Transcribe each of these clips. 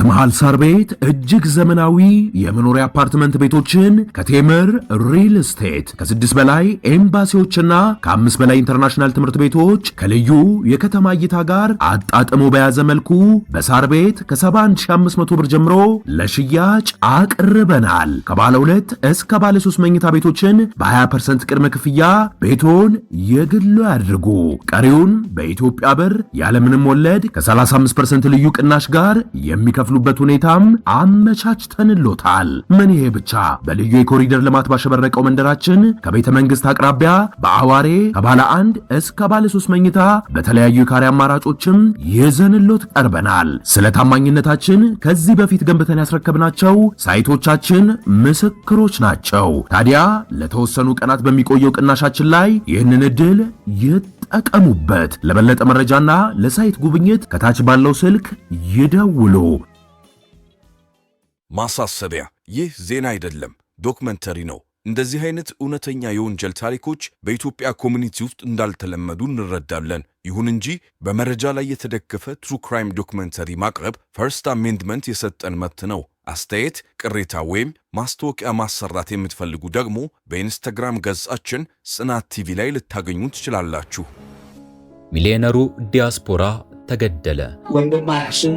በመሃል ሳር ቤት እጅግ ዘመናዊ የመኖሪያ አፓርትመንት ቤቶችን ከቴምር ሪል ስቴት ከስድስት በላይ ኤምባሲዎችና ከአምስት በላይ ኢንተርናሽናል ትምህርት ቤቶች ከልዩ የከተማ እይታ ጋር አጣጥሞ በያዘ መልኩ በሳር ቤት ከ71500 ብር ጀምሮ ለሽያጭ አቅርበናል። ከባለ ሁለት እስከ ባለ ሶስት መኝታ ቤቶችን በ20% ቅድመ ክፍያ ቤቶን የግሉ ያድርጉ። ቀሪውን በኢትዮጵያ ብር ያለምንም ወለድ ከ35% ልዩ ቅናሽ ጋር የሚከፍ የሚከፍሉበት ሁኔታም አመቻችተንሎታል። ምን ይሄ ብቻ በልዩ የኮሪደር ልማት ባሸበረቀው መንደራችን ከቤተ መንግስት አቅራቢያ በአዋሬ ከባለ አንድ እስከ ባለ ሶስት መኝታ በተለያዩ የካሬ አማራጮችም ይዘንሎት ቀርበናል። ስለ ታማኝነታችን ከዚህ በፊት ገንብተን ያስረከብናቸው ሳይቶቻችን ምስክሮች ናቸው። ታዲያ ለተወሰኑ ቀናት በሚቆየው ቅናሻችን ላይ ይህንን እድል ይጠቀሙበት። ለበለጠ መረጃና ለሳይት ጉብኝት ከታች ባለው ስልክ ይደውሉ። ማሳሰቢያ፣ ይህ ዜና አይደለም፣ ዶክመንተሪ ነው። እንደዚህ አይነት እውነተኛ የወንጀል ታሪኮች በኢትዮጵያ ኮሚኒቲ ውስጥ እንዳልተለመዱ እንረዳለን። ይሁን እንጂ በመረጃ ላይ የተደገፈ ትሩ ክራይም ዶክመንተሪ ማቅረብ ፈርስት አሜንድመንት የሰጠን መብት ነው። አስተያየት፣ ቅሬታ ወይም ማስታወቂያ ማሰራት የምትፈልጉ ደግሞ በኢንስታግራም ገጻችን ጽናት ቲቪ ላይ ልታገኙ ትችላላችሁ። ሚሊዮነሩ ዲያስፖራ ተገደለ። ወንድማችን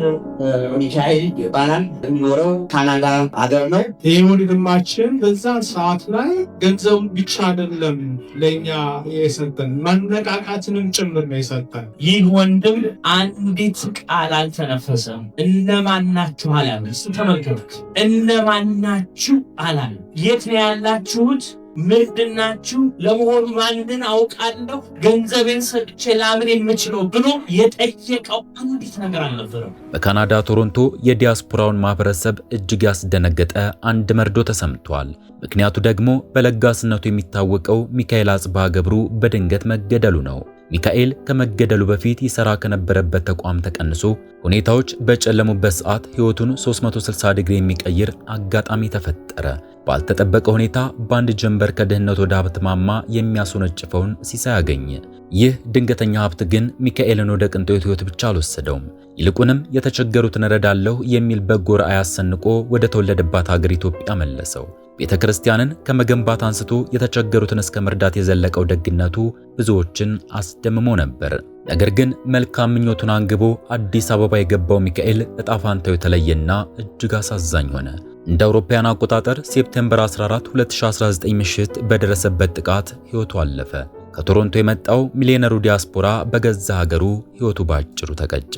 ሚካኤል ይባላል። የሚኖረው ካናዳ አገር ነው። ይህ ወንድማችን በዛ ሰዓት ላይ ገንዘቡ ብቻ አይደለም ለእኛ የሰጠን መነቃቃትንም ጭምር ነው የሰጠን። ይህ ወንድም አንዲት ቃል አልተነፈሰም። እነማናችሁ አላለ። ተመልከቱት። እነማናችሁ አላለ። የት ነው ያላችሁት? ምንድናችሁ ለመሆኑ ማንን አውቃለሁ ገንዘቤን ሰጥቼ ላምን የምችለው ብሎ የጠየቀው አንዲት ነገር አልነበረም። በካናዳ ቶሮንቶ የዲያስፖራውን ማህበረሰብ እጅግ ያስደነገጠ አንድ መርዶ ተሰምቷል። ምክንያቱ ደግሞ በለጋስነቱ የሚታወቀው ሚካኤል አጽባ ገብሩ በድንገት መገደሉ ነው። ሚካኤል ከመገደሉ በፊት ይሰራ ከነበረበት ተቋም ተቀንሶ ሁኔታዎች በጨለሙበት ሰዓት ሕይወቱን 360 ዲግሪ የሚቀይር አጋጣሚ ተፈጠረ። ባልተጠበቀ ሁኔታ በአንድ ጀንበር ከድህነት ወደ ሀብት ማማ የሚያስወነጭፈውን ሲሳይ አገኘ። ይህ ድንገተኛ ሀብት ግን ሚካኤልን ወደ ቅንጦት ሕይወት ብቻ አልወሰደውም። ይልቁንም የተቸገሩትን እረዳለሁ የሚል በጎ ራዕይ አሰንቆ ወደ ተወለደባት ሀገር ኢትዮጵያ መለሰው። ቤተ ክርስቲያንን ከመገንባት አንስቶ የተቸገሩትን እስከ መርዳት የዘለቀው ደግነቱ ብዙዎችን አስደምሞ ነበር። ነገር ግን መልካም ምኞቱን አንግቦ አዲስ አበባ የገባው ሚካኤል ዕጣ የተለየና እጅግ አሳዛኝ ሆነ። እንደ አውሮፓውያን አቆጣጠር ሴፕቴምበር 14 2019 ምሽት በደረሰበት ጥቃት ሕይወቱ አለፈ። ከቶሮንቶ የመጣው ሚሊዮነሩ ዲያስፖራ በገዛ ሀገሩ ሕይወቱ ባጭሩ ተቀጨ።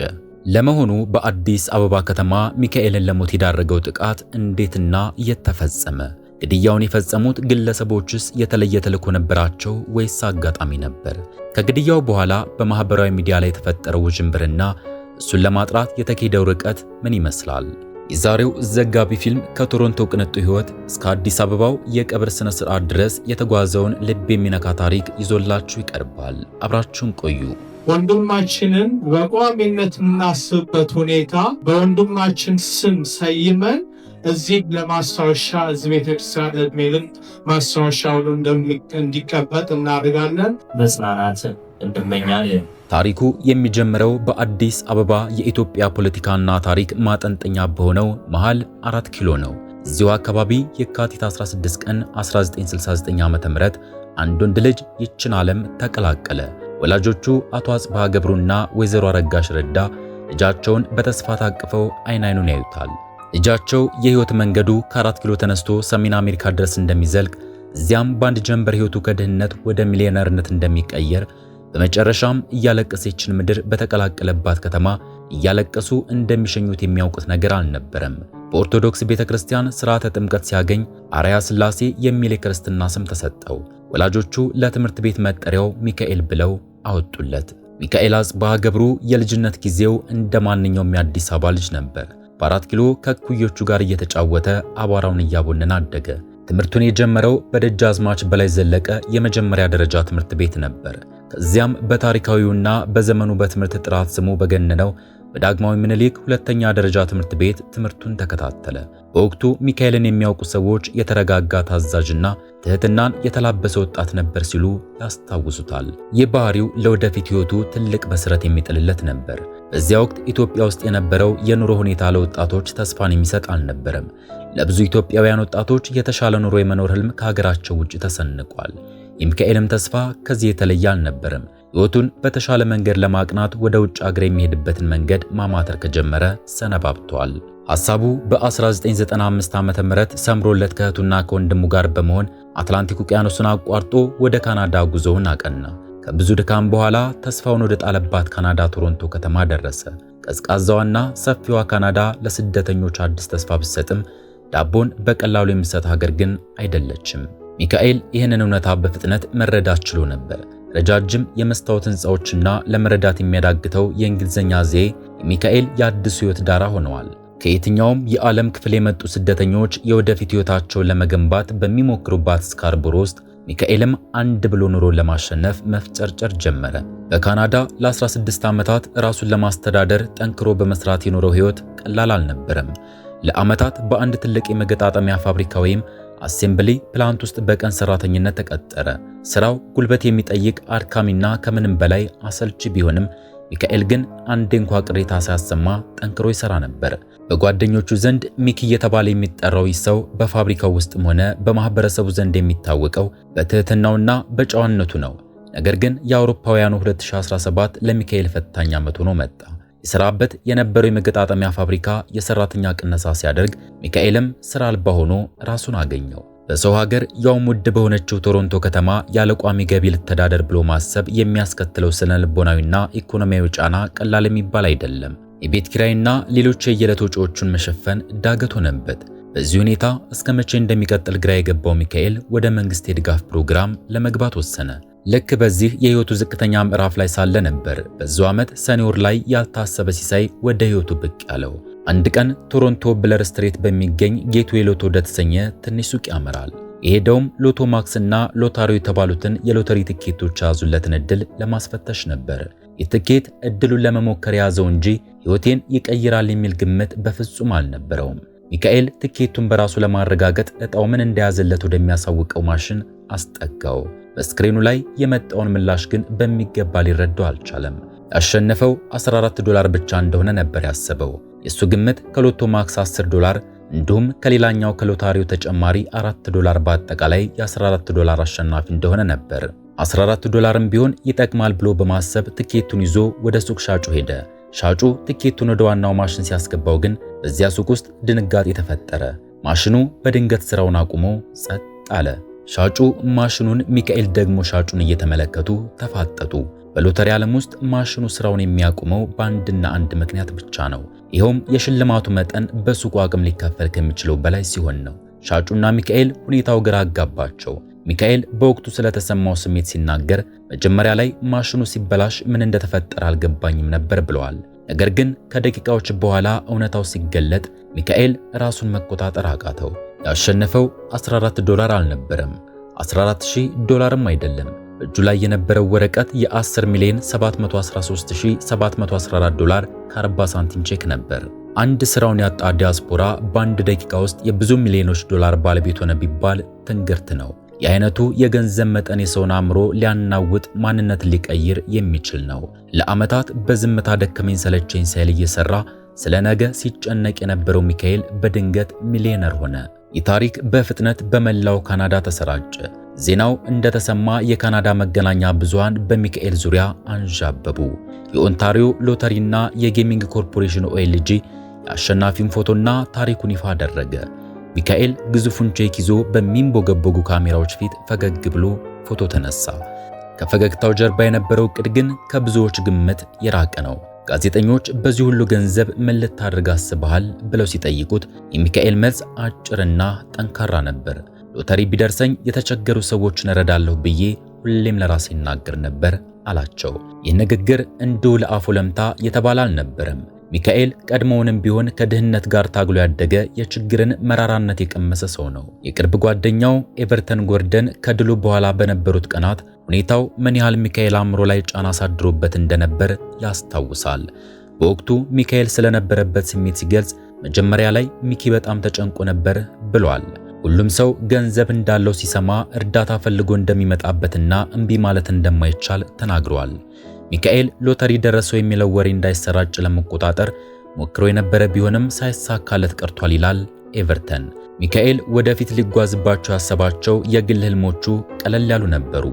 ለመሆኑ በአዲስ አበባ ከተማ ሚካኤልን ለሞት የዳረገው ጥቃት እንዴትና የት ተፈጸመ? ግድያውን የፈጸሙት ግለሰቦችስ የተለየ ተልዕኮ ነበራቸው ወይስ አጋጣሚ ነበር? ከግድያው በኋላ በማህበራዊ ሚዲያ ላይ የተፈጠረው ውዥንብርና እሱን ለማጥራት የተካሄደው ርቀት ምን ይመስላል? የዛሬው ዘጋቢ ፊልም ከቶሮንቶ ቅንጡ ሕይወት እስከ አዲስ አበባው የቀብር ስነ ስርዓት ድረስ የተጓዘውን ልብ የሚነካ ታሪክ ይዞላችሁ ይቀርባል። አብራችሁን ቆዩ። ወንድማችንን በቋሚነት የምናስብበት ሁኔታ በወንድማችን ስም ሰይመን እዚህ ለማስታወሻ እዚህ ቤተክርስቲያን እድሜልን ማስታወሻውን እንዲቀበጥ እናደርጋለን። መጽናናት እንመኛለን። ታሪኩ የሚጀምረው በአዲስ አበባ የኢትዮጵያ ፖለቲካና ታሪክ ማጠንጠኛ በሆነው መሃል አራት ኪሎ ነው። እዚሁ አካባቢ የካቲት 16 ቀን 1969 ዓ.ም አንድ ወንድ ልጅ ይችን ዓለም ተቀላቀለ። ወላጆቹ አቶ አጽባሃ ገብሩና ወይዘሮ አረጋሽ ረዳ ልጃቸውን በተስፋ ታቅፈው አይን አይኑን ያዩታል። ልጃቸው የህይወት መንገዱ ከአራት ኪሎ ተነስቶ ሰሜን አሜሪካ ድረስ እንደሚዘልቅ እዚያም በአንድ ጀንበር ህይወቱ ከድህነት ወደ ሚሊዮነርነት እንደሚቀየር በመጨረሻም እያለቀሰችን ምድር በተቀላቀለባት ከተማ እያለቀሱ እንደሚሸኙት የሚያውቁት ነገር አልነበረም። በኦርቶዶክስ ቤተክርስቲያን ስርዓተ ጥምቀት ሲያገኝ አርያ ስላሴ የሚል የክርስትና ስም ተሰጠው። ወላጆቹ ለትምህርት ቤት መጠሪያው ሚካኤል ብለው አወጡለት። ሚካኤል አጽባሃ ገብሩ የልጅነት ጊዜው እንደ ማንኛውም የአዲስ አበባ ልጅ ነበር። በአራት ኪሎ ከኩዮቹ ጋር እየተጫወተ አቧራውን እያቦነን አደገ። ትምህርቱን የጀመረው በደጃዝማች በላይ ዘለቀ የመጀመሪያ ደረጃ ትምህርት ቤት ነበር። ከዚያም በታሪካዊውና በዘመኑ በትምህርት ጥራት ስሙ በገነነው በዳግማዊ ምኒልክ ሁለተኛ ደረጃ ትምህርት ቤት ትምህርቱን ተከታተለ። በወቅቱ ሚካኤልን የሚያውቁ ሰዎች የተረጋጋ ታዛዥና ትህትናን የተላበሰ ወጣት ነበር ሲሉ ያስታውሱታል። ይህ ባህሪው ለወደፊት ሕይወቱ ትልቅ መሠረት የሚጥልለት ነበር። በዚያ ወቅት ኢትዮጵያ ውስጥ የነበረው የኑሮ ሁኔታ ለወጣቶች ተስፋን የሚሰጥ አልነበረም። ለብዙ ኢትዮጵያውያን ወጣቶች የተሻለ ኑሮ የመኖር ህልም ከሀገራቸው ውጭ ተሰንቋል። የሚካኤልም ተስፋ ከዚህ የተለየ አልነበረም። ሕይወቱን በተሻለ መንገድ ለማቅናት ወደ ውጭ አገር የሚሄድበትን መንገድ ማማተር ከጀመረ ሰነባብቷል። ሐሳቡ በ1995 ዓ.ም ሰምሮለት ከእህቱና ከወንድሙ ጋር በመሆን አትላንቲክ ውቅያኖስን አቋርጦ ወደ ካናዳ ጉዞውን አቀና። ከብዙ ድካም በኋላ ተስፋውን ወደ ጣለባት ካናዳ ቶሮንቶ ከተማ ደረሰ። ቀዝቃዛዋና ሰፊዋ ካናዳ ለስደተኞች አዲስ ተስፋ ብትሰጥም ዳቦን በቀላሉ የሚሰጥ ሀገር ግን አይደለችም። ሚካኤል ይህንን እውነታ በፍጥነት መረዳት ችሎ ነበር። ረጃጅም የመስታወት ሕንፃዎችና ለመረዳት የሚያዳግተው የእንግሊዝኛ ዜ የሚካኤል የአዲሱ ሕይወት ዳራ ሆነዋል። ከየትኛውም የዓለም ክፍል የመጡ ስደተኞች የወደፊት ሕይወታቸውን ለመገንባት በሚሞክሩባት ስካርቦሮ ውስጥ ሚካኤልም አንድ ብሎ ኑሮን ለማሸነፍ መፍጨርጨር ጀመረ። በካናዳ ለ16 ዓመታት ራሱን ለማስተዳደር ጠንክሮ በመስራት የኖረው ህይወት ቀላል አልነበረም። ለዓመታት በአንድ ትልቅ የመገጣጠሚያ ፋብሪካ ወይም አሴምብሊ ፕላንት ውስጥ በቀን ሰራተኝነት ተቀጠረ። ስራው ጉልበት የሚጠይቅ አድካሚና ከምንም በላይ አሰልቺ ቢሆንም ሚካኤል ግን አንዴ እንኳ ቅሬታ ሳያሰማ ጠንክሮ ይሰራ ነበር። በጓደኞቹ ዘንድ ሚኪ እየተባለ የሚጠራው ይህ ሰው በፋብሪካው ውስጥም ሆነ በማህበረሰቡ ዘንድ የሚታወቀው በትህትናውና በጨዋነቱ ነው። ነገር ግን የአውሮፓውያኑ 2017 ለሚካኤል ፈታኝ ዓመት ሆኖ መጣ። የሰራበት የነበረው የመገጣጠሚያ ፋብሪካ የሰራተኛ ቅነሳ ሲያደርግ ሚካኤልም ስራ አልባ ሆኖ ራሱን አገኘው። በሰው ሀገር ያውም ውድ በሆነችው ቶሮንቶ ከተማ ያለ ቋሚ ገቢ ልተዳደር ብሎ ማሰብ የሚያስከትለው ስነ ልቦናዊና ኢኮኖሚያዊ ጫና ቀላል የሚባል አይደለም። የቤት ኪራይና ሌሎች የየዕለት ወጪዎቹን መሸፈን ዳገት ሆነበት። በዚህ ሁኔታ እስከ መቼ እንደሚቀጥል ግራ የገባው ሚካኤል ወደ መንግስት የድጋፍ ፕሮግራም ለመግባት ወሰነ። ልክ በዚህ የህይወቱ ዝቅተኛ ምዕራፍ ላይ ሳለ ነበር በዚሁ ዓመት ሰኔ ወር ላይ ያልታሰበ ሲሳይ ወደ ህይወቱ ብቅ ያለው። አንድ ቀን ቶሮንቶ ብለር ስትሬት በሚገኝ ጌትዌይ ሎቶ ወደተሰኘ ትንሽ ሱቅ ያመራል። የሄደውም ሎቶ ማክስ እና ሎታሪ የተባሉትን የሎተሪ ትኬቶች የያዙለትን እድል ለማስፈተሽ ነበር። የትኬት እድሉን ለመሞከር የያዘው እንጂ ሕይወቴን ይቀይራል የሚል ግምት በፍጹም አልነበረውም። ሚካኤል ትኬቱን በራሱ ለማረጋገጥ እጣው ምን እንደያዘለት ወደሚያሳውቀው ማሽን አስጠጋው። በስክሪኑ ላይ የመጣውን ምላሽ ግን በሚገባ ሊረዳው አልቻለም። ያሸነፈው 14 ዶላር ብቻ እንደሆነ ነበር ያሰበው። የእሱ ግምት ከሎቶ ማክስ 10 ዶላር እንዲሁም ከሌላኛው ከሎታሪው ተጨማሪ 4 ዶላር በአጠቃላይ የ14 ዶላር አሸናፊ እንደሆነ ነበር። 14 ዶላርም ቢሆን ይጠቅማል ብሎ በማሰብ ትኬቱን ይዞ ወደ ሱቅ ሻጩ ሄደ። ሻጩ ትኬቱን ወደ ዋናው ማሽን ሲያስገባው ግን በዚያ ሱቅ ውስጥ ድንጋጤ ተፈጠረ። ማሽኑ በድንገት ስራውን አቁሞ ጸጥ አለ። ሻጩ ማሽኑን፣ ሚካኤል ደግሞ ሻጩን እየተመለከቱ ተፋጠጡ። በሎተሪ ዓለም ውስጥ ማሽኑ ስራውን የሚያቆመው በአንድና አንድ ምክንያት ብቻ ነው። ይኸውም የሽልማቱ መጠን በሱቁ አቅም ሊከፈል ከሚችለው በላይ ሲሆን ነው። ሻጩና ሚካኤል ሁኔታው ግራ አጋባቸው። ሚካኤል በወቅቱ ስለተሰማው ስሜት ሲናገር መጀመሪያ ላይ ማሽኑ ሲበላሽ ምን እንደተፈጠረ አልገባኝም ነበር ብለዋል። ነገር ግን ከደቂቃዎች በኋላ እውነታው ሲገለጥ ሚካኤል ራሱን መቆጣጠር አቃተው። ያሸነፈው 14 ዶላር አልነበረም፣ 14000 ዶላርም አይደለም እጁ ላይ የነበረው ወረቀት የ10 ሚሊዮን 713714 ዶላር ከ40 ሳንቲም ቼክ ነበር። አንድ ስራውን ያጣ ዲያስፖራ በአንድ ደቂቃ ውስጥ የብዙ ሚሊዮኖች ዶላር ባለቤት ሆነ ቢባል ትንግርት ነው። የአይነቱ የገንዘብ መጠን የሰውን አእምሮ ሊያናውጥ ማንነት ሊቀይር የሚችል ነው። ለዓመታት በዝምታ ደከመኝ ሰለቸኝ ሳይል እየሰራ ስለ ነገ ሲጨነቅ የነበረው ሚካኤል በድንገት ሚሊዮነር ሆነ። ይህ ታሪክ በፍጥነት በመላው ካናዳ ተሰራጨ። ዜናው እንደተሰማ የካናዳ መገናኛ ብዙሃን በሚካኤል ዙሪያ አንዣበቡ። የኦንታሪዮ ሎተሪና የጌሚንግ ኮርፖሬሽን ኦኤልጂ የአሸናፊውን ፎቶና ታሪኩን ይፋ አደረገ። ሚካኤል ግዙፉን ቼክ ይዞ በሚንቦገቦጉ ካሜራዎች ፊት ፈገግ ብሎ ፎቶ ተነሳ። ከፈገግታው ጀርባ የነበረው እቅድ ግን ከብዙዎች ግምት የራቀ ነው። ጋዜጠኞች በዚህ ሁሉ ገንዘብ ምን ልታደርግ አስበሃል ብለው ሲጠይቁት የሚካኤል መልስ አጭርና ጠንካራ ነበር። ሎተሪ ቢደርሰኝ የተቸገሩ ሰዎችን እረዳለሁ ብዬ ሁሌም ለራሴ እናገር ነበር አላቸው። ይህ ንግግር እንዲሁ ለአፉ ለምታ የተባለ አልነበረም። ሚካኤል ቀድሞውንም ቢሆን ከድህነት ጋር ታግሎ ያደገ የችግርን መራራነት የቀመሰ ሰው ነው። የቅርብ ጓደኛው ኤቨርተን ጎርደን ከድሉ በኋላ በነበሩት ቀናት ሁኔታው ምን ያህል ሚካኤል አእምሮ ላይ ጫና አሳድሮበት እንደነበር ያስታውሳል። በወቅቱ ሚካኤል ስለነበረበት ስሜት ሲገልጽ መጀመሪያ ላይ ሚኪ በጣም ተጨንቆ ነበር ብሏል። ሁሉም ሰው ገንዘብ እንዳለው ሲሰማ እርዳታ ፈልጎ እንደሚመጣበትና እምቢ ማለት እንደማይቻል ተናግሯል። ሚካኤል ሎተሪ ደረሰው የሚለው ወሬ እንዳይሰራጭ ለመቆጣጠር ሞክሮ የነበረ ቢሆንም ሳይሳካለት ቀርቷል ይላል ኤቨርተን። ሚካኤል ወደፊት ሊጓዝባቸው ያሰባቸው የግል ህልሞቹ ቀለል ያሉ ነበሩ።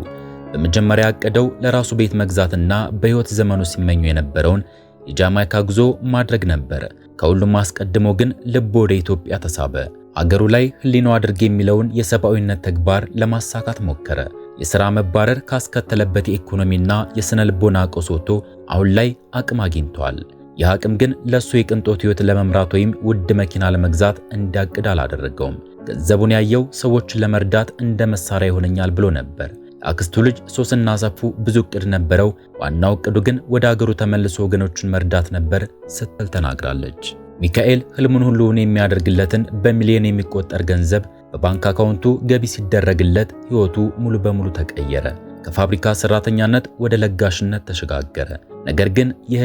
በመጀመሪያ ያቀደው ለራሱ ቤት መግዛትና በሕይወት ዘመኑ ሲመኙ የነበረውን የጃማይካ ጉዞ ማድረግ ነበር። ከሁሉም አስቀድሞ ግን ልብ ወደ ኢትዮጵያ ተሳበ። አገሩ ላይ ህሊናው አድርግ የሚለውን የሰብአዊነት ተግባር ለማሳካት ሞከረ። የሥራ መባረር ካስከተለበት የኢኮኖሚና የሥነ ልቦና ቀውስ ወጥቶ አሁን ላይ አቅም አግኝቷል። ይህ አቅም ግን ለእሱ የቅንጦት ሕይወት ለመምራት ወይም ውድ መኪና ለመግዛት እንዳቅድ አላደረገውም። ገንዘቡን ያየው ሰዎችን ለመርዳት እንደ መሳሪያ ይሆነኛል ብሎ ነበር። የአክስቱ ልጅ ሶስና ሰፉ ብዙ እቅድ ነበረው። ዋናው እቅዱ ግን ወደ አገሩ ተመልሶ ወገኖቹን መርዳት ነበር ስትል ተናግራለች። ሚካኤል ህልሙን ሁሉ እውን የሚያደርግለትን በሚሊዮን የሚቆጠር ገንዘብ በባንክ አካውንቱ ገቢ ሲደረግለት ህይወቱ ሙሉ በሙሉ ተቀየረ። ከፋብሪካ ሰራተኛነት ወደ ለጋሽነት ተሸጋገረ። ነገር ግን ይህ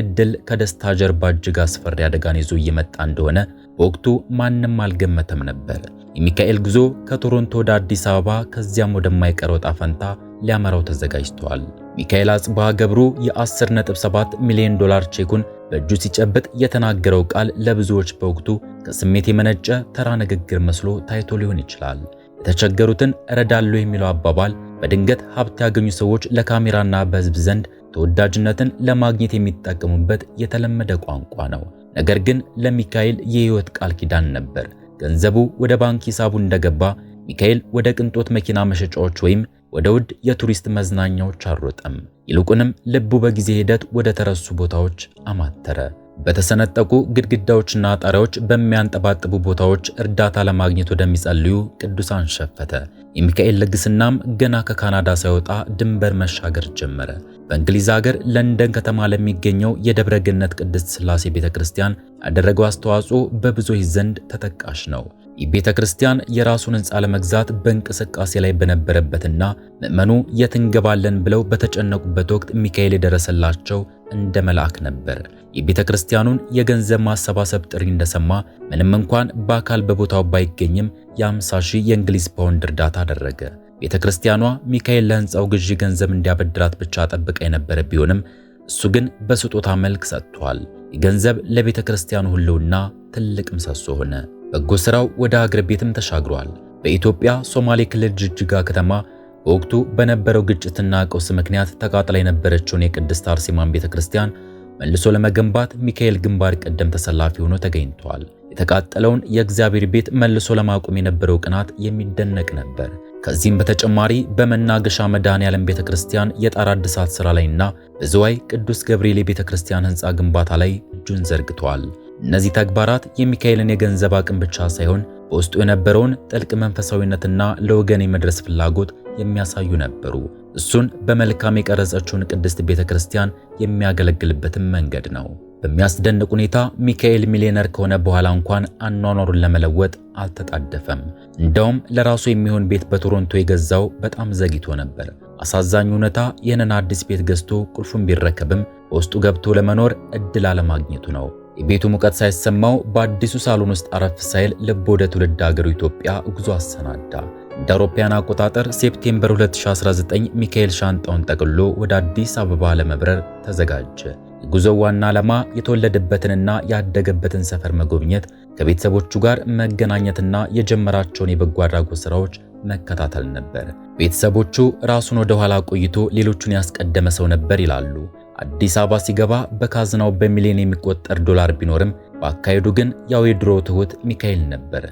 ከደስታ ጀርባ እጅግ አስፈሪ አደጋን ይዞ እየመጣ እንደሆነ በወቅቱ ማንም አልገመተም ነበር። የሚካኤል ጉዞ ከቶሮንቶ ወደ አዲስ አበባ ከዚያም ወደማይቀረው ዕጣ ፈንታ ሊያመራው ተዘጋጅቷል። ሚካኤል አጽባ ገብሩ የ10.7 ሚሊዮን ዶላር ቼኩን በእጁ ሲጨብጥ የተናገረው ቃል ለብዙዎች በወቅቱ ከስሜት የመነጨ ተራ ንግግር መስሎ ታይቶ ሊሆን ይችላል። የተቸገሩትን እረዳለሁ የሚለው አባባል በድንገት ሀብት ያገኙ ሰዎች ለካሜራና በህዝብ ዘንድ ተወዳጅነትን ለማግኘት የሚጠቀሙበት የተለመደ ቋንቋ ነው። ነገር ግን ለሚካኤል የህይወት ቃል ኪዳን ነበር። ገንዘቡ ወደ ባንክ ሂሳቡ እንደገባ ሚካኤል ወደ ቅንጦት መኪና መሸጫዎች ወይም ወደ ውድ የቱሪስት መዝናኛዎች አልሮጠም። ይልቁንም ልቡ በጊዜ ሂደት ወደ ተረሱ ቦታዎች አማተረ። በተሰነጠቁ ግድግዳዎችና ጣሪያዎች በሚያንጠባጥቡ ቦታዎች እርዳታ ለማግኘት ወደሚጸልዩ ቅዱሳን ሸፈተ። የሚካኤል ልግስናም ገና ከካናዳ ሳይወጣ ድንበር መሻገር ጀመረ። በእንግሊዝ ሀገር ለንደን ከተማ ለሚገኘው የደብረ ገነት ቅድስት ስላሴ ቤተ ክርስቲያን ያደረገው አስተዋጽኦ በብዙዎች ዘንድ ተጠቃሽ ነው። ይህ ቤተ ክርስቲያን የራሱን ሕንፃ ለመግዛት በእንቅስቃሴ ላይ በነበረበትና ምዕመኑ የት እንገባለን ብለው በተጨነቁበት ወቅት ሚካኤል የደረሰላቸው እንደ መልአክ ነበር። የቤተ ክርስቲያኑን የገንዘብ ማሰባሰብ ጥሪ እንደሰማ ምንም እንኳን በአካል በቦታው ባይገኝም የ50 ሺህ የእንግሊዝ ፓውንድ እርዳታ አደረገ። ቤተ ክርስቲያኗ ሚካኤል ለህንፃው ግዢ ገንዘብ እንዲያበድራት ብቻ ጠብቃ የነበረ ቢሆንም እሱ ግን በስጦታ መልክ ሰጥቷል። የገንዘብ ለቤተ ክርስቲያኑ ህልውና ትልቅ ምሰሶ ሆነ። በጎ ስራው ወደ አገር ቤትም ተሻግሯል። በኢትዮጵያ ሶማሌ ክልል ጅጅጋ ከተማ በወቅቱ በነበረው ግጭትና ቀውስ ምክንያት ተቃጥላ የነበረችውን የቅድስት አርሴማን ቤተ ክርስቲያን መልሶ ለመገንባት ሚካኤል ግንባር ቀደም ተሰላፊ ሆኖ ተገኝቷል። የተቃጠለውን የእግዚአብሔር ቤት መልሶ ለማቆም የነበረው ቅናት የሚደነቅ ነበር። ከዚህም በተጨማሪ በመናገሻ መድኃኔዓለም ቤተ ክርስቲያን የጣራ እድሳት ስራ ላይና በዝዋይ ቅዱስ ገብርኤል የቤተ ክርስቲያን ሕንፃ ግንባታ ላይ እጁን ዘርግቷል። እነዚህ ተግባራት የሚካኤልን የገንዘብ አቅም ብቻ ሳይሆን በውስጡ የነበረውን ጥልቅ መንፈሳዊነትና ለወገን የመድረስ ፍላጎት የሚያሳዩ ነበሩ። እሱን በመልካም የቀረጸችውን ቅድስት ቤተ ክርስቲያን የሚያገለግልበትን መንገድ ነው። በሚያስደንቅ ሁኔታ ሚካኤል ሚሊዮነር ከሆነ በኋላ እንኳን አኗኗሩን ለመለወጥ አልተጣደፈም። እንደውም ለራሱ የሚሆን ቤት በቶሮንቶ የገዛው በጣም ዘግይቶ ነበር። አሳዛኝ እውነታ ይህንን አዲስ ቤት ገዝቶ ቁልፉን ቢረከብም በውስጡ ገብቶ ለመኖር እድል አለማግኘቱ ነው። የቤቱ ሙቀት ሳይሰማው በአዲሱ ሳሎን ውስጥ አረፍ ሳይል ልብ ወደ ትውልድ አገሩ ኢትዮጵያ ጉዞ አሰናዳ። እንደ አውሮፓያን አቆጣጠር ሴፕቴምበር 2019 ሚካኤል ሻንጣውን ጠቅልሎ ወደ አዲስ አበባ ለመብረር ተዘጋጀ። የጉዞው ዋና ዓላማ የተወለደበትንና ያደገበትን ሰፈር መጎብኘት፣ ከቤተሰቦቹ ጋር መገናኘትና የጀመራቸውን የበጎ አድራጎት ሥራዎች መከታተል ነበር። ቤተሰቦቹ ራሱን ወደ ኋላ ቆይቶ ሌሎቹን ያስቀደመ ሰው ነበር ይላሉ። አዲስ አበባ ሲገባ በካዝናው በሚሊዮን የሚቆጠር ዶላር ቢኖርም በአካሄዱ ግን ያው የድሮ ትሁት ሚካኤል ነበር።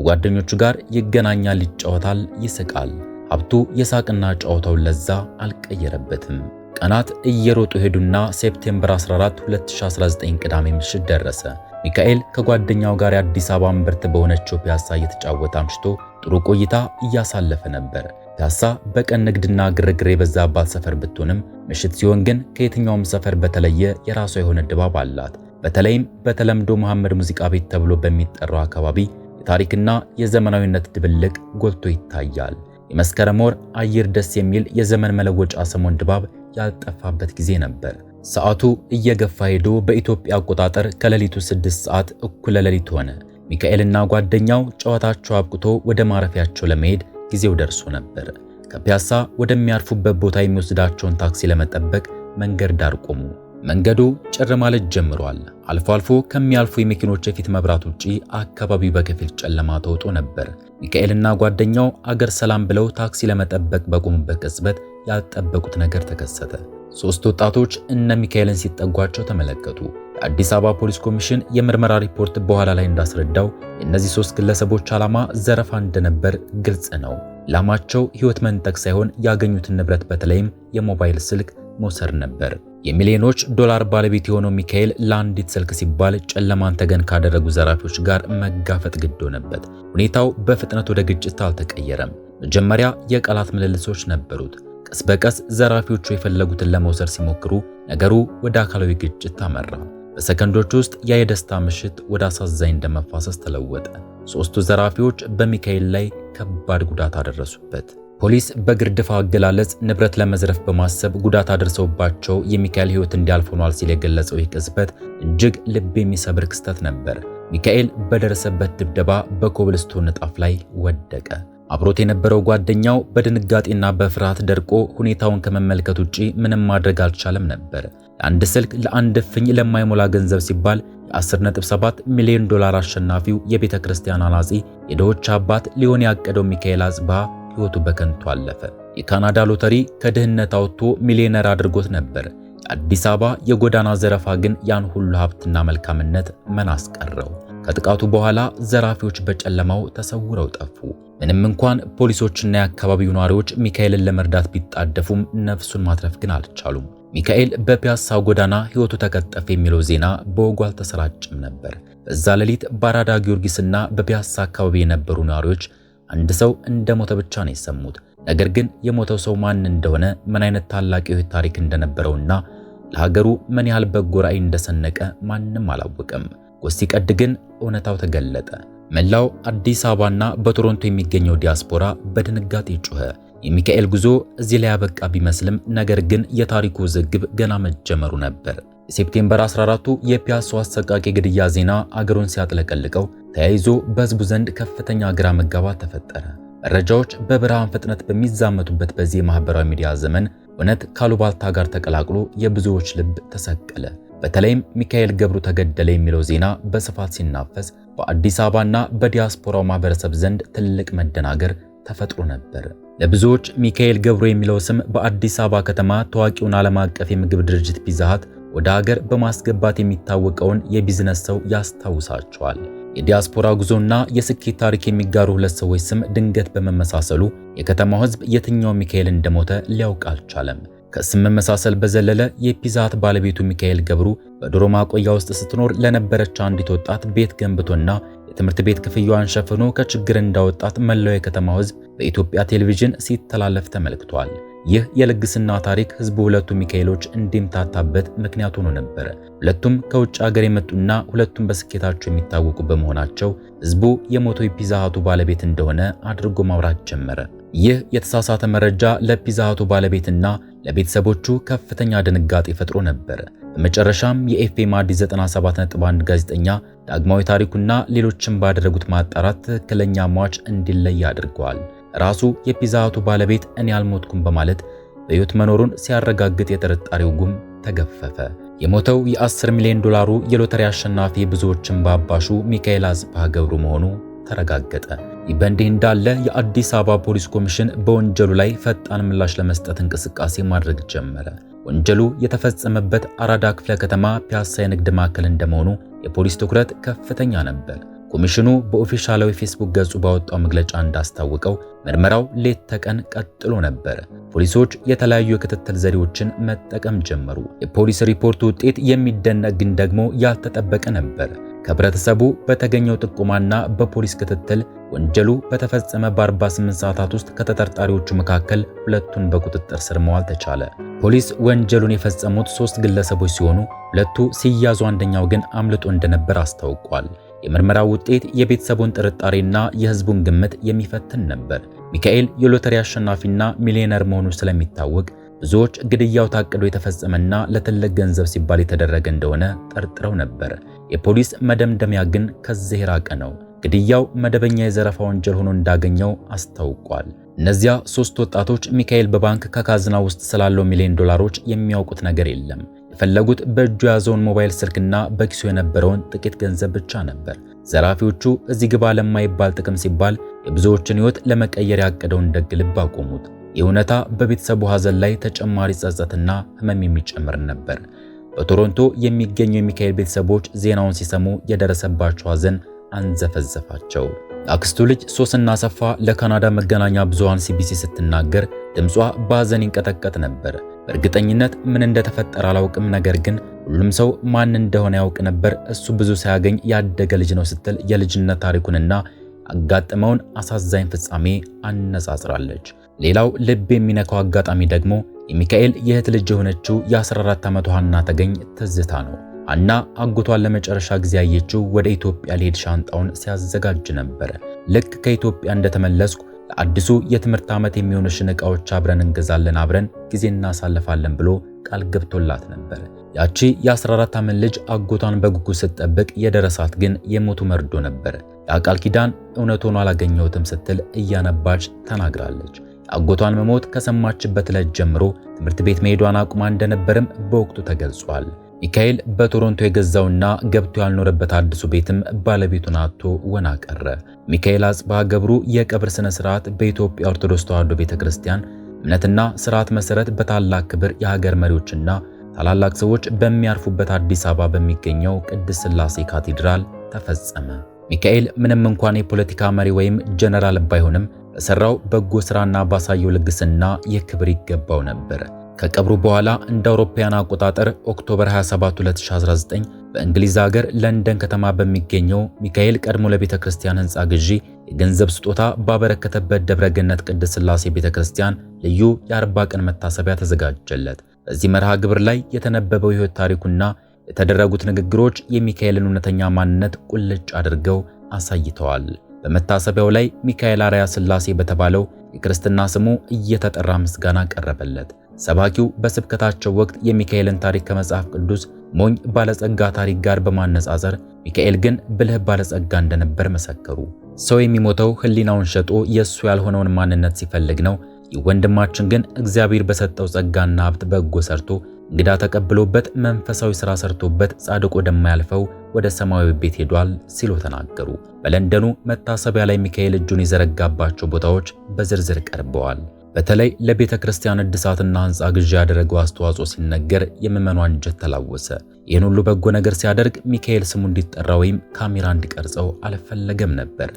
ከጓደኞቹ ጋር ይገናኛል፣ ይጫወታል፣ ይስቃል። ሀብቱ የሳቅና ጨዋታውን ለዛ አልቀየረበትም። ቀናት እየሮጡ ሄዱና ሴፕቴምበር 14 2019 ቅዳሜ ምሽት ደረሰ። ሚካኤል ከጓደኛው ጋር የአዲስ አበባ እምብርት በሆነችው ፒያሳ እየተጫወተ አምሽቶ ጥሩ ቆይታ እያሳለፈ ነበር። ፒያሳ በቀን ንግድና ግርግር የበዛባት ሰፈር ብትሆንም ምሽት ሲሆን ግን ከየትኛውም ሰፈር በተለየ የራሷ የሆነ ድባብ አላት። በተለይም በተለምዶ መሐመድ ሙዚቃ ቤት ተብሎ በሚጠራው አካባቢ የታሪክና የዘመናዊነት ድብልቅ ጎልቶ ይታያል። የመስከረም ወር አየር ደስ የሚል የዘመን መለወጫ ሰሞን ድባብ ያልጠፋበት ጊዜ ነበር። ሰዓቱ እየገፋ ሄዶ በኢትዮጵያ አቆጣጠር ከሌሊቱ 6 ሰዓት እኩለ ሌሊት ሆነ። ሚካኤልና ጓደኛው ጨዋታቸው አብቅቶ ወደ ማረፊያቸው ለመሄድ ጊዜው ደርሶ ነበር። ከፒያሳ ወደሚያርፉበት ቦታ የሚወስዳቸውን ታክሲ ለመጠበቅ መንገድ ዳር ቆሙ። መንገዱ ጭር ማለት ጀምሯል። አልፎ አልፎ ከሚያልፉ የመኪኖች የፊት መብራት ውጪ አካባቢው በከፊል ጨለማ ተውጦ ነበር። ሚካኤልና ጓደኛው አገር ሰላም ብለው ታክሲ ለመጠበቅ በቆሙበት ቅጽበት ያልጠበቁት ነገር ተከሰተ። ሶስት ወጣቶች እነ ሚካኤልን ሲጠጓቸው ተመለከቱ። የአዲስ አበባ ፖሊስ ኮሚሽን የምርመራ ሪፖርት በኋላ ላይ እንዳስረዳው የእነዚህ ሶስት ግለሰቦች ዓላማ ዘረፋ እንደነበር ግልጽ ነው። ዓላማቸው ሕይወት መንጠቅ ሳይሆን ያገኙትን ንብረት በተለይም የሞባይል ስልክ መውሰድ ነበር። የሚሊዮኖች ዶላር ባለቤት የሆነው ሚካኤል ለአንዲት ስልክ ሲባል ጨለማን ተገን ካደረጉ ዘራፊዎች ጋር መጋፈጥ ግድ ሆነበት። ሁኔታው በፍጥነት ወደ ግጭት አልተቀየረም። መጀመሪያ የቃላት ምልልሶች ነበሩት። ቀስ በቀስ ዘራፊዎቹ የፈለጉትን ለመውሰድ ሲሞክሩ ነገሩ ወደ አካላዊ ግጭት አመራ። በሰከንዶች ውስጥ ያ የደስታ ምሽት ወደ አሳዛኝ እንደመፋሰስ ተለወጠ። ሦስቱ ዘራፊዎች በሚካኤል ላይ ከባድ ጉዳት አደረሱበት። ፖሊስ በግርድፋ አገላለጽ ንብረት ለመዝረፍ በማሰብ ጉዳት አድርሰውባቸው የሚካኤል ሕይወት እንዲያልፍ ሆኗል ሲል የገለጸው ይህ ቅጽበት እጅግ ልብ የሚሰብር ክስተት ነበር። ሚካኤል በደረሰበት ድብደባ በኮብልስቶን ንጣፍ ላይ ወደቀ። አብሮት የነበረው ጓደኛው በድንጋጤና በፍርሃት ደርቆ ሁኔታውን ከመመልከት ውጪ ምንም ማድረግ አልቻለም ነበር። ለአንድ ስልክ፣ ለአንድ እፍኝ ለማይሞላ ገንዘብ ሲባል የ10.7 ሚሊዮን ዶላር አሸናፊው የቤተ ክርስቲያን አናጺ የድሆች አባት ሊሆን ያቀደው ሚካኤል አጽብሃ ሕይወቱ በከንቱ አለፈ። የካናዳ ሎተሪ ከድህነት አውጥቶ ሚሊዮነር አድርጎት ነበር። የአዲስ አበባ የጎዳና ዘረፋ ግን ያን ሁሉ ሀብትና መልካምነት መና አስቀረው? ከጥቃቱ በኋላ ዘራፊዎች በጨለማው ተሰውረው ጠፉ። ምንም እንኳን ፖሊሶችና የአካባቢው ነዋሪዎች ሚካኤልን ለመርዳት ቢጣደፉም ነፍሱን ማትረፍ ግን አልቻሉም። ሚካኤል በፒያሳ ጎዳና ሕይወቱ ተቀጠፈ የሚለው ዜና በወጉ አልተሰራጭም ነበር። በዛ ሌሊት በአራዳ ጊዮርጊስና በፒያሳ አካባቢ የነበሩ ነዋሪዎች አንድ ሰው እንደሞተ ብቻ ነው የሰሙት። ነገር ግን የሞተው ሰው ማን እንደሆነ፣ ምን አይነት ታላቅ የህይወት ታሪክ እንደነበረውና ለሀገሩ ምን ያህል በጎ ራዕይ እንደሰነቀ ማንም አላወቀም። ጎህ ሲቀድ ግን እውነታው ተገለጠ። መላው አዲስ አበባና በቶሮንቶ የሚገኘው ዲያስፖራ በድንጋጤ ጮኸ። የሚካኤል ጉዞ እዚህ ላይ ያበቃ ቢመስልም ነገር ግን የታሪኩ ውዝግብ ገና መጀመሩ ነበር። የሴፕቴምበር 14ቱ የፒያሶ አሰቃቂ ግድያ ዜና አገሩን ሲያጥለቀልቀው ተያይዞ በህዝቡ ዘንድ ከፍተኛ ግራ መጋባት ተፈጠረ። መረጃዎች በብርሃን ፍጥነት በሚዛመቱበት በዚህ የማህበራዊ ሚዲያ ዘመን እውነት ካሉባልታ ጋር ተቀላቅሎ የብዙዎች ልብ ተሰቀለ። በተለይም ሚካኤል ገብሩ ተገደለ የሚለው ዜና በስፋት ሲናፈስ በአዲስ አበባና በዲያስፖራው ማህበረሰብ ዘንድ ትልቅ መደናገር ተፈጥሮ ነበር። ለብዙዎች ሚካኤል ገብሩ የሚለው ስም በአዲስ አበባ ከተማ ታዋቂውን ዓለም አቀፍ የምግብ ድርጅት ፒዛሃት ወደ ሀገር በማስገባት የሚታወቀውን የቢዝነስ ሰው ያስታውሳቸዋል። የዲያስፖራ ጉዞና የስኬት ታሪክ የሚጋሩ ሁለት ሰዎች ስም ድንገት በመመሳሰሉ የከተማው ሕዝብ የትኛው ሚካኤል እንደሞተ ሊያውቅ አልቻለም። ከስም መመሳሰል በዘለለ የፒዛት ባለቤቱ ሚካኤል ገብሩ በዶሮ ማቆያ ውስጥ ስትኖር ለነበረች አንዲት ወጣት ቤት ገንብቶና የትምህርት ቤት ክፍያዋን ሸፍኖ ከችግር እንዳወጣት መላው የከተማው ሕዝብ በኢትዮጵያ ቴሌቪዥን ሲተላለፍ ተመልክቷል። ይህ የልግስና ታሪክ ህዝቡ ሁለቱ ሚካኤሎች እንዲምታታበት ምክንያት ሆኖ ነበር ሁለቱም ከውጭ ሀገር የመጡና ሁለቱም በስኬታቸው የሚታወቁ በመሆናቸው ህዝቡ የሞቶ የፒዛሃቱ ባለቤት እንደሆነ አድርጎ ማውራት ጀመረ። ይህ የተሳሳተ መረጃ ለፒዛሃቱ ባለቤትና ለቤተሰቦቹ ከፍተኛ ድንጋጤ ፈጥሮ ነበር። በመጨረሻም የኤፍኤም አዲስ 97.1 ጋዜጠኛ ዳግማዊ ታሪኩና ሌሎችም ባደረጉት ማጣራት ትክክለኛ ሟች እንዲለይ አድርገዋል። ራሱ የፒዛቱ ባለቤት እኔ አልሞትኩም በማለት በሕይወት መኖሩን ሲያረጋግጥ የጥርጣሬው ጉም ተገፈፈ። የሞተው የ10 ሚሊዮን ዶላሩ የሎተሪ አሸናፊ ብዙዎችን ባባሹ ሚካኤል አጽብሃ ገብሩ መሆኑ ተረጋገጠ። ይህ በእንዲህ እንዳለ የአዲስ አበባ ፖሊስ ኮሚሽን በወንጀሉ ላይ ፈጣን ምላሽ ለመስጠት እንቅስቃሴ ማድረግ ጀመረ። ወንጀሉ የተፈጸመበት አራዳ ክፍለ ከተማ ፒያሳ የንግድ ማዕከል እንደመሆኑ የፖሊስ ትኩረት ከፍተኛ ነበር። ኮሚሽኑ በኦፊሻላዊ ፌስቡክ ገጹ ባወጣው መግለጫ እንዳስታወቀው ምርመራው ሌት ተቀን ቀጥሎ ነበር። ፖሊሶች የተለያዩ የክትትል ዘዴዎችን መጠቀም ጀመሩ። የፖሊስ ሪፖርት ውጤት የሚደነቅ ግን ደግሞ ያልተጠበቀ ነበር። ከህብረተሰቡ በተገኘው ጥቆማና በፖሊስ ክትትል ወንጀሉ በተፈጸመ በ48 ሰዓታት ውስጥ ከተጠርጣሪዎቹ መካከል ሁለቱን በቁጥጥር ስር መዋል ተቻለ። ፖሊስ ወንጀሉን የፈጸሙት ሶስት ግለሰቦች ሲሆኑ ሁለቱ ሲያዙ አንደኛው ግን አምልጦ እንደነበር አስታውቋል። የምርመራው ውጤት የቤተሰቡን ጥርጣሬና የህዝቡን ግምት የሚፈትን ነበር። ሚካኤል የሎተሪ አሸናፊና ሚሊዮነር መሆኑ ስለሚታወቅ ብዙዎች ግድያው ታቅዶ የተፈጸመና ለትልቅ ገንዘብ ሲባል የተደረገ እንደሆነ ጠርጥረው ነበር። የፖሊስ መደምደሚያ ግን ከዚህ የራቀ ነው። ግድያው መደበኛ የዘረፋ ወንጀል ሆኖ እንዳገኘው አስታውቋል። እነዚያ ሶስት ወጣቶች ሚካኤል በባንክ ከካዝና ውስጥ ስላለው ሚሊዮን ዶላሮች የሚያውቁት ነገር የለም። የፈለጉት በእጁ የያዘውን ሞባይል ስልክና በኪሱ የነበረውን ጥቂት ገንዘብ ብቻ ነበር። ዘራፊዎቹ እዚህ ግባ ለማይባል ጥቅም ሲባል የብዙዎችን ሕይወት ለመቀየር ያቀደውን ደግ ልብ አቆሙት። ይህ እውነታ በቤተሰቡ ሐዘን ላይ ተጨማሪ ጸጸትና ህመም የሚጨምር ነበር። በቶሮንቶ የሚገኙ የሚካኤል ቤተሰቦች ዜናውን ሲሰሙ የደረሰባቸው ሐዘን አንዘፈዘፋቸው። አክስቱ ልጅ ሶስና ሰፋ ለካናዳ መገናኛ ብዙሃን ሲቢሲ ስትናገር ድምጿ በሐዘን ይንቀጠቀጥ ነበር። በእርግጠኝነት ምን እንደተፈጠረ አላውቅም፣ ነገር ግን ሁሉም ሰው ማን እንደሆነ ያውቅ ነበር። እሱ ብዙ ሳያገኝ ያደገ ልጅ ነው ስትል የልጅነት ታሪኩንና አጋጥመውን አሳዛኝ ፍጻሜ አነጻጽራለች። ሌላው ልብ የሚነካው አጋጣሚ ደግሞ የሚካኤል የእህት ልጅ የሆነችው የ14 ዓመቷ ሀና ተገኝ ትዝታ ነው። ሀና አጎቷን ለመጨረሻ ጊዜ ያየችው ወደ ኢትዮጵያ ሊሄድ ሻንጣውን ሲያዘጋጅ ነበር። ልክ ከኢትዮጵያ እንደተመለስኩ ለአዲሱ የትምህርት ዓመት የሚሆኑሽን ዕቃዎች አብረን እንገዛለን፣ አብረን ጊዜ እናሳልፋለን ብሎ ቃል ገብቶላት ነበር። ያቺ የ14 ዓመት ልጅ አጎቷን በጉጉት ስትጠብቅ የደረሳት ግን የሞቱ መርዶ ነበር። ያቃል ኪዳን እውነት ሆኖ አላገኘሁትም ስትል እያነባች ተናግራለች። የአጎቷን መሞት ከሰማችበት ዕለት ጀምሮ ትምህርት ቤት መሄዷን አቁማ እንደነበርም በወቅቱ ተገልጿል። ሚካኤል በቶሮንቶ የገዛውና ገብቶ ያልኖረበት አዲሱ ቤትም ባለቤቱን አጥቶ ወና ቀረ። ሚካኤል አጽባ ገብሩ የቀብር ስነ ስርዓት በኢትዮጵያ ኦርቶዶክስ ተዋሕዶ ቤተክርስቲያን እምነትና ስርዓት መሰረት በታላቅ ክብር የሀገር መሪዎችና ታላላቅ ሰዎች በሚያርፉበት አዲስ አበባ በሚገኘው ቅድስት ስላሴ ካቴድራል ተፈጸመ። ሚካኤል ምንም እንኳን የፖለቲካ መሪ ወይም ጀነራል ባይሆንም በሰራው በጎ ስራና ባሳየው ልግስና የክብር ይገባው ነበር። ከቀብሩ በኋላ እንደ አውሮፓውያን አቆጣጠር ኦክቶበር 27 2019 በእንግሊዝ ሀገር ለንደን ከተማ በሚገኘው ሚካኤል ቀድሞ ለቤተ ክርስቲያን ህንፃ ግዢ የገንዘብ ስጦታ ባበረከተበት ደብረ ገነት ቅድስት ስላሴ ቤተ ክርስቲያን ልዩ የአርባ ቀን መታሰቢያ ተዘጋጀለት። በዚህ መርሃ ግብር ላይ የተነበበው የህይወት ታሪኩና የተደረጉት ንግግሮች የሚካኤልን እውነተኛ ማንነት ቁልጭ አድርገው አሳይተዋል። በመታሰቢያው ላይ ሚካኤል አርአያ ስላሴ በተባለው የክርስትና ስሙ እየተጠራ ምስጋና ቀረበለት። ሰባኪው በስብከታቸው ወቅት የሚካኤልን ታሪክ ከመጽሐፍ ቅዱስ ሞኝ ባለጸጋ ታሪክ ጋር በማነጻጸር ሚካኤል ግን ብልህ ባለጸጋ እንደነበር መሰከሩ። ሰው የሚሞተው ሕሊናውን ሸጦ የእሱ ያልሆነውን ማንነት ሲፈልግ ነው። ይህ ወንድማችን ግን እግዚአብሔር በሰጠው ጸጋና ሀብት በጎ ሰርቶ እንግዳ ተቀብሎበት መንፈሳዊ ሥራ ሰርቶበት ጻድቅ ወደማያልፈው ወደ ሰማያዊ ቤት ሄዷል ሲሉ ተናገሩ። በለንደኑ መታሰቢያ ላይ ሚካኤል እጁን የዘረጋባቸው ቦታዎች በዝርዝር ቀርበዋል። በተለይ ለቤተ ክርስቲያን እድሳትና ሕንፃ ግዢ ያደረገው አስተዋጽኦ ሲነገር የምዕመኗ አንጀት ተላወሰ። ይህን ሁሉ በጎ ነገር ሲያደርግ ሚካኤል ስሙ እንዲጠራ ወይም ካሜራ እንዲቀርጸው አልፈለገም ነበር።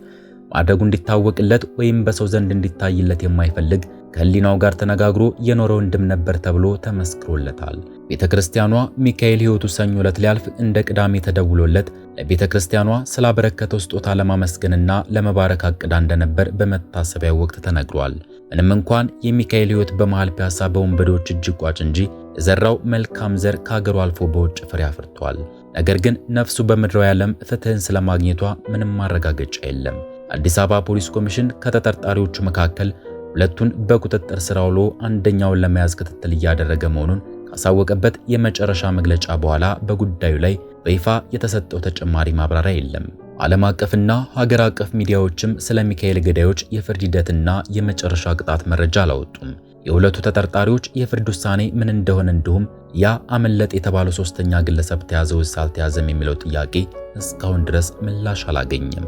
ማድረጉ እንዲታወቅለት ወይም በሰው ዘንድ እንዲታይለት የማይፈልግ ከህሊናው ጋር ተነጋግሮ የኖረው ወንድም ነበር ተብሎ ተመስክሮለታል። ቤተ ክርስቲያኗ ሚካኤል ሕይወቱ ሰኞ ዕለት ሊያልፍ እንደ ቅዳሜ ተደውሎለት ለቤተ ክርስቲያኗ ስላበረከተው ስጦታ ለማመስገንና ለመባረክ አቅዳ እንደነበር በመታሰቢያ ወቅት ተነግሯል። ምንም እንኳን የሚካኤል ሕይወት በመሃል ፒያሳ በወንበዴዎች እጅ ቋጭ እንጂ የዘራው መልካም ዘር ከአገሩ አልፎ በውጭ ፍሬ አፍርቷል። ነገር ግን ነፍሱ በምድራዊ ዓለም ፍትህን ስለማግኘቷ ምንም ማረጋገጫ የለም። አዲስ አበባ ፖሊስ ኮሚሽን ከተጠርጣሪዎቹ መካከል ሁለቱን በቁጥጥር ስር አውሎ አንደኛውን ለመያዝ ክትትል እያደረገ መሆኑን ካሳወቀበት የመጨረሻ መግለጫ በኋላ በጉዳዩ ላይ በይፋ የተሰጠው ተጨማሪ ማብራሪያ የለም። ዓለም አቀፍና ሀገር አቀፍ ሚዲያዎችም ስለ ሚካኤል ገዳዮች የፍርድ ሂደትና የመጨረሻ ቅጣት መረጃ አላወጡም። የሁለቱ ተጠርጣሪዎች የፍርድ ውሳኔ ምን እንደሆነ እንዲሁም ያ አመለጥ የተባለው ሶስተኛ ግለሰብ ተያዘ ወይስ አልተያዘም የሚለው ጥያቄ እስካሁን ድረስ ምላሽ አላገኘም።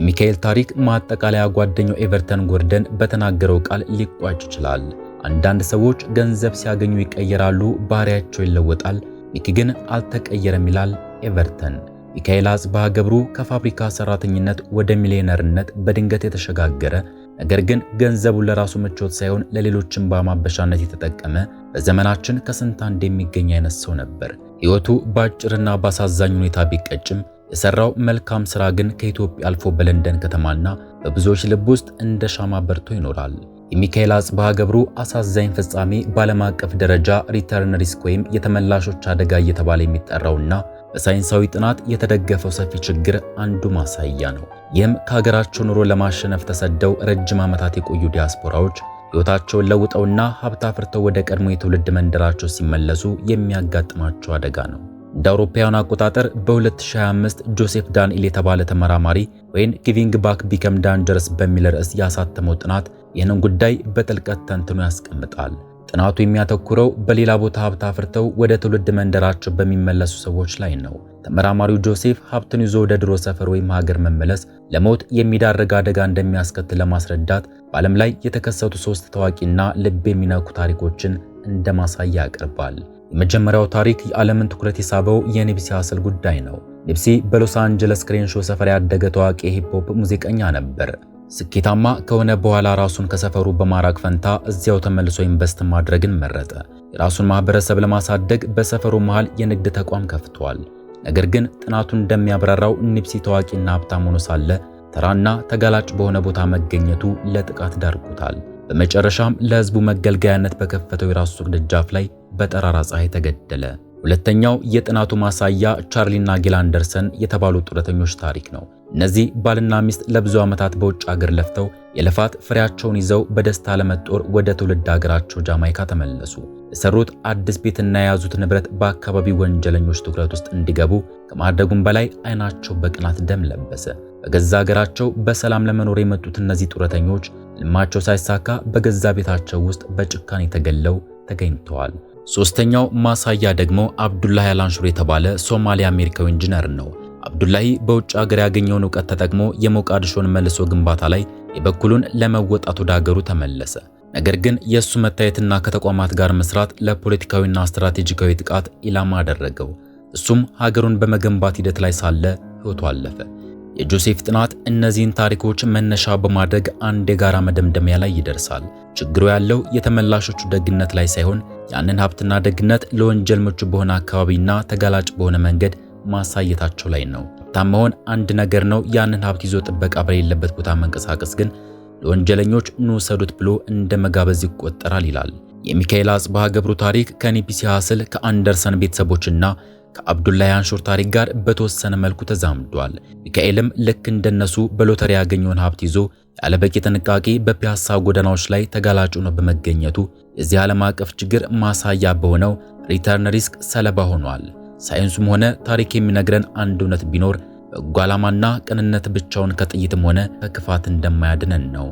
የሚካኤል ታሪክ ማጠቃለያ ጓደኛው ኤቨርተን ጎርደን በተናገረው ቃል ሊቋጭ ይችላል። አንዳንድ ሰዎች ገንዘብ ሲያገኙ ይቀየራሉ፣ ባህሪያቸው ይለወጣል። ሚኪ ግን አልተቀየረም ይላል ኤቨርተን። ሚካኤል አጽባህ ገብሩ ከፋብሪካ ሰራተኝነት ወደ ሚሊዮነርነት በድንገት የተሸጋገረ ነገር ግን ገንዘቡን ለራሱ ምቾት ሳይሆን ለሌሎችን በማበሻነት የተጠቀመ በዘመናችን ከስንት አንድ የሚገኝ አይነት ሰው ነበር። ሕይወቱ በአጭርና በአሳዛኝ ሁኔታ ቢቀጭም የሰራው መልካም ስራ ግን ከኢትዮጵያ አልፎ በለንደን ከተማና በብዙዎች ልብ ውስጥ እንደ ሻማ በርቶ ይኖራል። የሚካኤል አጽባ ገብሩ አሳዛኝ ፍጻሜ በዓለም አቀፍ ደረጃ ሪተርን ሪስክ ወይም የተመላሾች አደጋ እየተባለ የሚጠራውና በሳይንሳዊ ጥናት የተደገፈው ሰፊ ችግር አንዱ ማሳያ ነው። ይህም ከሀገራቸው ኑሮ ለማሸነፍ ተሰደው ረጅም ዓመታት የቆዩ ዲያስፖራዎች ሕይወታቸውን ለውጠውና ሀብት አፍርተው ወደ ቀድሞ የትውልድ መንደራቸው ሲመለሱ የሚያጋጥማቸው አደጋ ነው። እንደ አውሮፓውያን አቆጣጠር በ2025 ጆሴፍ ዳንኤል የተባለ ተመራማሪ ወይን ጊቪንግ ባክ ቢከም ዳንጀርስ በሚል ርዕስ ያሳተመው ጥናት ይህንን ጉዳይ በጥልቀት ተንትኖ ያስቀምጣል። ጥናቱ የሚያተኩረው በሌላ ቦታ ሀብት አፍርተው ወደ ትውልድ መንደራቸው በሚመለሱ ሰዎች ላይ ነው። ተመራማሪው ጆሴፍ ሀብትን ይዞ ወደ ድሮ ሰፈር ወይም ሀገር መመለስ ለሞት የሚዳርግ አደጋ እንደሚያስከትል ለማስረዳት በዓለም ላይ የተከሰቱ ሶስት ታዋቂና ልብ የሚነኩ ታሪኮችን እንደ ማሳያ ያቀርባል። የመጀመሪያው ታሪክ የዓለምን ትኩረት የሳበው የኒፕሲ ሀስል ጉዳይ ነው። ኒፕሲ በሎስ አንጀለስ ክሬንሾ ሰፈር ያደገ ታዋቂ ሂፕሆፕ ሙዚቀኛ ነበር። ስኬታማ ከሆነ በኋላ ራሱን ከሰፈሩ በማራቅ ፈንታ እዚያው ተመልሶ ኢንቨስት ማድረግን መረጠ። የራሱን ማህበረሰብ ለማሳደግ በሰፈሩ መሃል የንግድ ተቋም ከፍቷል። ነገር ግን ጥናቱን እንደሚያብራራው ኒፕሲ ታዋቂና ሀብታም ሆኖ ሳለ ተራና ተጋላጭ በሆነ ቦታ መገኘቱ ለጥቃት ዳርጎታል። በመጨረሻም ለህዝቡ መገልገያነት በከፈተው የራሱ ደጃፍ ላይ በጠራራ ፀሐይ ተገደለ። ሁለተኛው የጥናቱ ማሳያ ቻርሊና ጊል አንደርሰን የተባሉ ጡረተኞች ታሪክ ነው። እነዚህ ባልና ሚስት ለብዙ ዓመታት በውጭ አገር ለፍተው የልፋት ፍሬያቸውን ይዘው በደስታ ለመጦር ወደ ትውልድ አገራቸው ጃማይካ ተመለሱ። የሰሩት አዲስ ቤትና የያዙት ንብረት በአካባቢው ወንጀለኞች ትኩረት ውስጥ እንዲገቡ ከማድረጉም በላይ አይናቸው በቅናት ደም ለበሰ። በገዛ አገራቸው በሰላም ለመኖር የመጡት እነዚህ ጡረተኞች ልማቸው ሳይሳካ በገዛ ቤታቸው ውስጥ በጭካኔ ተገለው ተገኝተዋል። ሶስተኛው ማሳያ ደግሞ አብዱላሂ አላንሹር የተባለ ሶማሊ አሜሪካዊ ኢንጂነር ነው። አብዱላሂ በውጭ ሀገር ያገኘውን እውቀት ተጠቅሞ የሞቃዲሾን መልሶ ግንባታ ላይ የበኩሉን ለመወጣት ወደ ሀገሩ ተመለሰ። ነገር ግን የእሱ መታየትና ከተቋማት ጋር መስራት ለፖለቲካዊና ስትራቴጂካዊ ጥቃት ኢላማ አደረገው። እሱም ሀገሩን በመገንባት ሂደት ላይ ሳለ ህይወቱ አለፈ። የጆሴፍ ጥናት እነዚህን ታሪኮች መነሻ በማድረግ አንድ የጋራ መደምደሚያ ላይ ይደርሳል። ችግሩ ያለው የተመላሾቹ ደግነት ላይ ሳይሆን ያንን ሀብትና ደግነት ለወንጀል ምቹ በሆነ አካባቢና ተጋላጭ በሆነ መንገድ ማሳየታቸው ላይ ነው። ሀብታም መሆን አንድ ነገር ነው። ያንን ሀብት ይዞ ጥበቃ በሌለበት ቦታ መንቀሳቀስ ግን ለወንጀለኞች ኑ ብሎ እንደ መጋበዝ ይቆጠራል ይላል። የሚካኤል አጽባሃ ገብሩ ታሪክ ከኔፒሲ ሀስል ከአንደርሰን ቤተሰቦችና ከአብዱላህ አንሹር ታሪክ ጋር በተወሰነ መልኩ ተዛምዷል። ሚካኤልም ልክ እንደነሱ በሎተሪ ያገኘውን ሀብት ይዞ ያለበቂ ጥንቃቄ በፒያሳ ጎዳናዎች ላይ ተጋላጭ ሆኖ በመገኘቱ የዚህ ዓለም አቀፍ ችግር ማሳያ በሆነው ሪተርን ሪስክ ሰለባ ሆኗል። ሳይንሱም ሆነ ታሪክ የሚነግረን አንድ እውነት ቢኖር በጎ ዓላማና ቅንነት ብቻውን ከጥይትም ሆነ ከክፋት እንደማያድነን ነው።